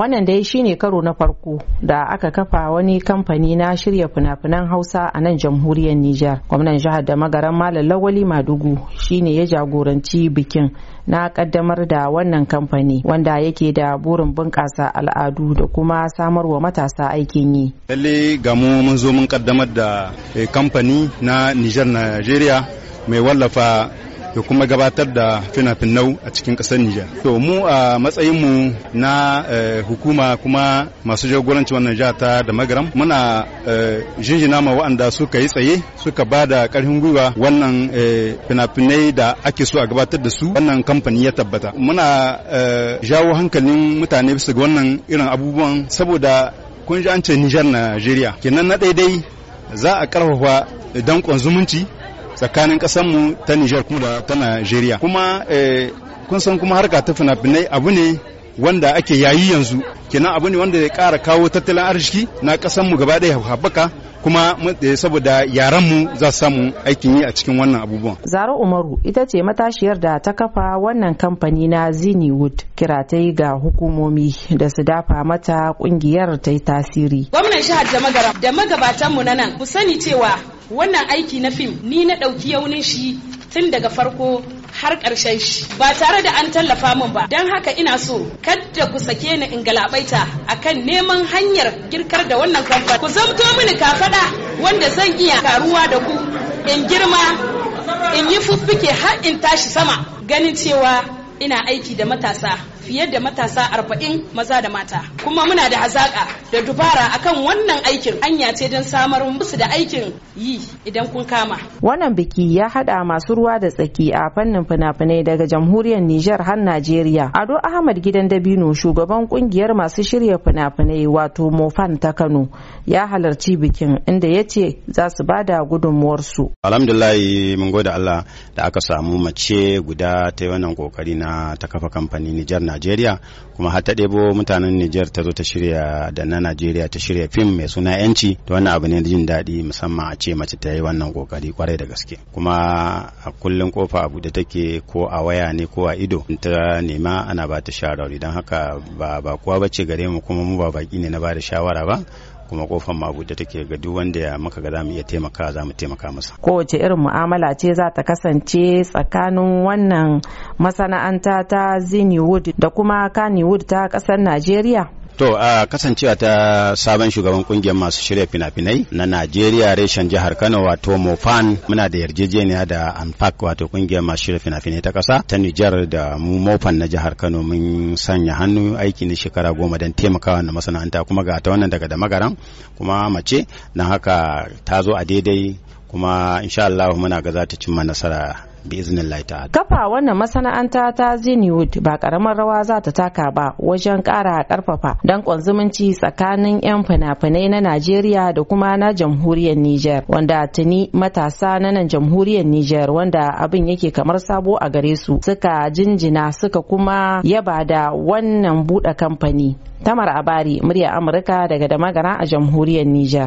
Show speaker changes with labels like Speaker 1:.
Speaker 1: wannan dai shine karo na farko da aka kafa wani kamfani na shirya fina-finan hausa a nan jamhuriyar nijar gwamnan jihar da magaran malam lawali madugu shine ya jagoranci bikin na kaddamar da wannan kamfani wanda yake da burin bunƙasa al'adu da kuma samarwa matasa aikin yi
Speaker 2: lalle ga mu mun zo mun kaddamar da eh, kamfani na nijar najeriya mai wallafa da kuma gabatar da fina-finau a cikin kasar Nijar. To mu a matsayinmu na eh, hukuma kuma masu jagoranci wannan jiha ta da magaram muna eh, jinjina ma wa'anda suka yi tsaye suka ba da ƙarfin gwiwa wannan eh, fina-finai da ake so a gabatar da su wannan kamfani ya tabbata. Muna jawo hankalin mutane bisa ga wannan irin abubuwan saboda kun ji an ce Nijar Najeriya. Kenan na daidai za a ƙarfafa danƙon zumunci tsakanin mu ta Nijar kuma ta Najeriya kuma eh, kun san kuma harka ta finafinai abu ne wanda ake yayi yanzu kenan abu ne wanda ya kara kawo tattalin arziki na mu gaba ɗaya haɓaka kuma eh, saboda yaranmu za su samu aikin yi a cikin wannan abubuwan.
Speaker 1: Zara Umaru ita ce matashiyar da ta kafa wannan kamfani na Zinewood kira ta yi ga hukumomi da su dafa mata kungiyar ta yi tasiri.
Speaker 3: Gwamnan jihar da magabatan mu na nan ku sani cewa wannan aiki na fim ni na ɗauki yaunin shi tun daga farko har ƙarshen shi ba tare da an tallafa min ba don haka ina so kadda ku sake ni in galabaita akan neman hanyar girkar da wannan kamfanin. ku zamto mini kafaɗa wanda zan iya karuwa da ku in girma in yi fuffuke har in tashi sama ganin cewa ina aiki da matasa fiye da matasa arba'in maza da mata kuma muna da hazaka da dubara akan wannan aikin hanya ce don samar musu da aikin yi idan kun kama
Speaker 1: wannan biki ya hada masu ruwa da tsaki a fannin fina-finai daga jamhuriyar Nijar har Najeriya Ado Ahmad Gidan Dabino shugaban kungiyar masu shirya fina-finai wato Mofan ta Kano ya halarci bikin inda ya ce za su bada gudunmuwarsu
Speaker 4: alhamdulillah mun gode Allah da aka samu mace guda ta yi wannan kokari na ta kafa kamfani Nijar najeriya kuma har ta ɗebo mutanen nijar ta zo ta shirya da na najeriya ta shirya fim mai suna yanci to wannan abu ne jin daɗi musamman a ce mace ta yi wannan kokari kwarai da gaske kuma a kullum kofa a da take ko a waya ne ko a ido ta nema ana ba ta shawarwari don haka ba ba kuwa bace gare mu kuma mu ba baki ne na ba da shawara ba kuma kofar mu da take ga duk wanda ya maka ga za mu iya taimaka za mu taimaka masa
Speaker 1: kowace irin mu'amala ce za ta kasance tsakanin wannan masana'anta ta zinewood da kuma kannywood ta kasar najeriya
Speaker 4: To a kasancewa ta sabon shugaban kungiyar masu shirya fina-finai na Najeriya reshen jihar Kano wato Mofan muna da yarjejeniya da anfak wato kungiyar masu shirya fina-finai ta kasa ta Nijar da mu Mofan na jihar Kano mun sanya hannu aiki na shekara goma don taimakawa na masana'anta kuma ga ta wannan daga da magaran kuma mace na haka ta zo a daidai kuma insha Allah muna ga za ta cimma nasara biiznillahi ta'ala
Speaker 1: kafa wannan masana'anta ta Zinewood ba karamar rawa za ta taka ba wajen ƙara ƙarfafa dan zumunci tsakanin yan fina-finai na Najeriya da kuma na jamhuriyar Niger wanda tuni matasa na nan jamhuriyar Nijar wanda abin yake kamar sabo a gare su suka jinjina suka kuma yaba da wannan buɗe kamfani Tamar Abari murya Amurka daga Damagara a jamhuriyar Nijar.